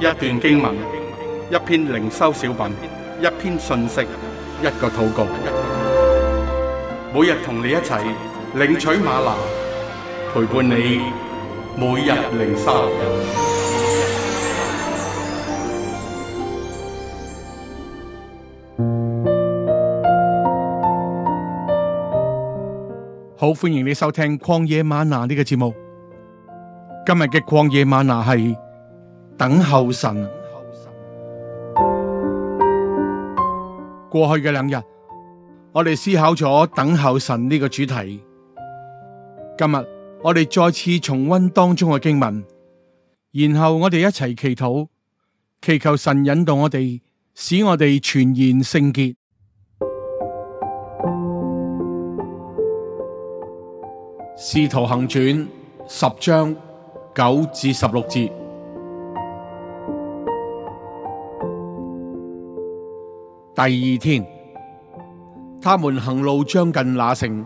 一段經文，一篇靈修小品，一篇信息，一個禱告。每日同你一齊領取嗎哪，陪伴你每日靈修。好，歡迎你收聽《曠野嗎哪》呢個節目。今日嘅曠野嗎哪係。等候，等候神。過去嘅兩日，我哋思考咗等候神呢個主題。今日我哋再次重溫當中嘅經文，然後我哋一齊祈禱，祈求神引導我哋，使我哋全然聖潔。使徒行傳十章九至十六節。第二天，他們行路將近那城，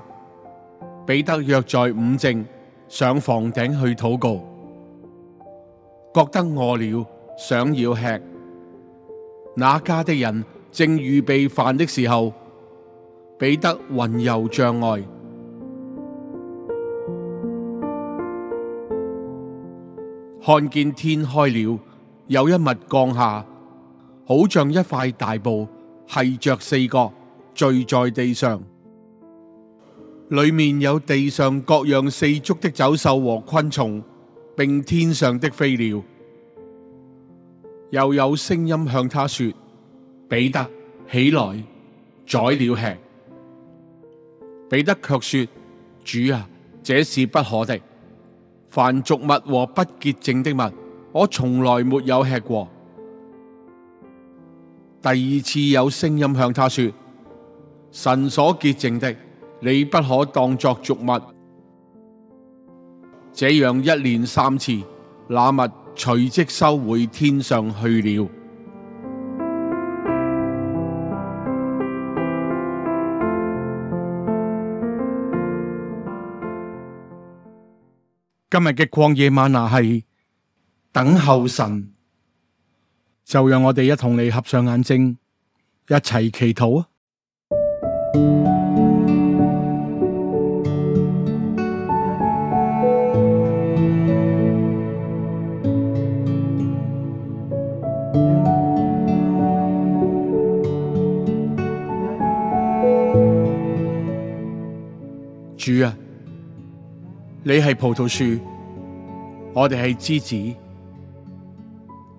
彼得約在午正上房頂去禱告，覺得餓了，想要吃。那家的人正預備飯的時候，彼得魂遊障礙，看見天開了，有一物降下，好像一塊大布。係着四角，縋在地上，裏面有地上各樣四足的走獸和昆蟲，並天上的飛鳥，又有聲音向他說：彼得，起來，宰了吃。彼得卻說：主啊，這是不可的，凡俗物和不潔淨的物，我從來沒有吃過。第二次有聲音向他說：神所潔淨的，你不可當作俗物。這樣一連三次，那物隨即收回天上去了。今日嘅曠野嗎哪係等候神。就讓我哋一同嚟合上眼睛，一齊祈禱啊！主啊，你係葡萄樹，我哋係枝子。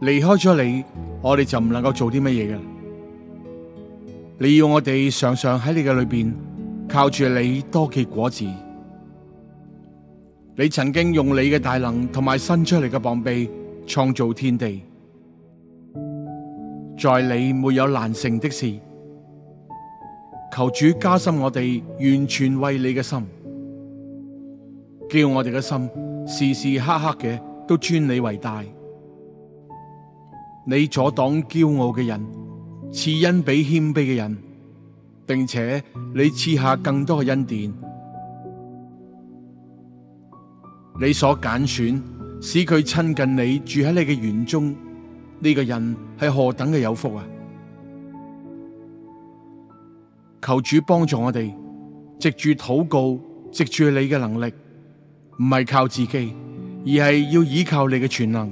離開咗你，我哋就唔能夠做啲乜嘢嘅。你要我哋常常喺你嘅裏邊，靠住你多結果子。你曾經用你嘅大能同埋伸出嚟嘅膀臂創造天地，在你沒有難成的事。求主加深我哋完全為你嘅心，叫我哋嘅心時時刻刻嘅都尊你為大。你阻擋驕傲嘅人，賜恩俾謙卑嘅人，並且你賜下更多嘅恩典。你所揀選使佢親近你，住喺你嘅園中，呢個人係何等嘅有福啊！求主幫助我哋，藉住禱告，藉住你嘅能力，唔係靠自己，而係要依靠你嘅全能。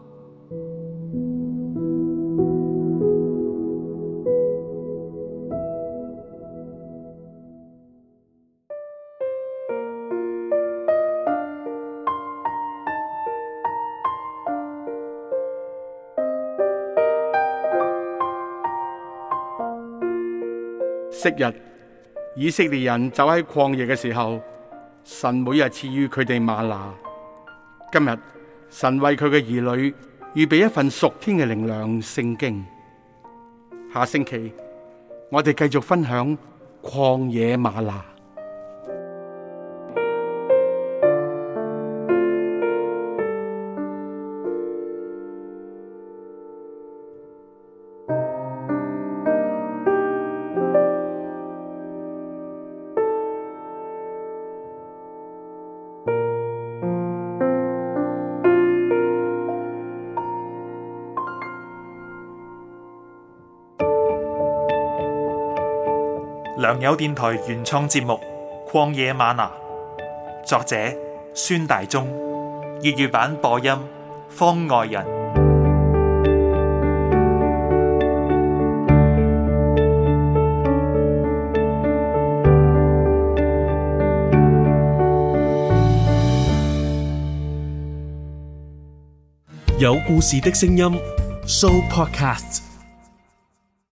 昔日以色列人走喺曠野嘅時候，神每日賜予佢哋嗎哪。今日神為佢嘅兒女預備一份屬天嘅靈糧——聖經。下星期我哋繼續分享曠野嗎哪。良友電台原創節目《曠野嗎哪》，作者孫大中，粵語版播音方外人，有故事的聲音 Show Podcast。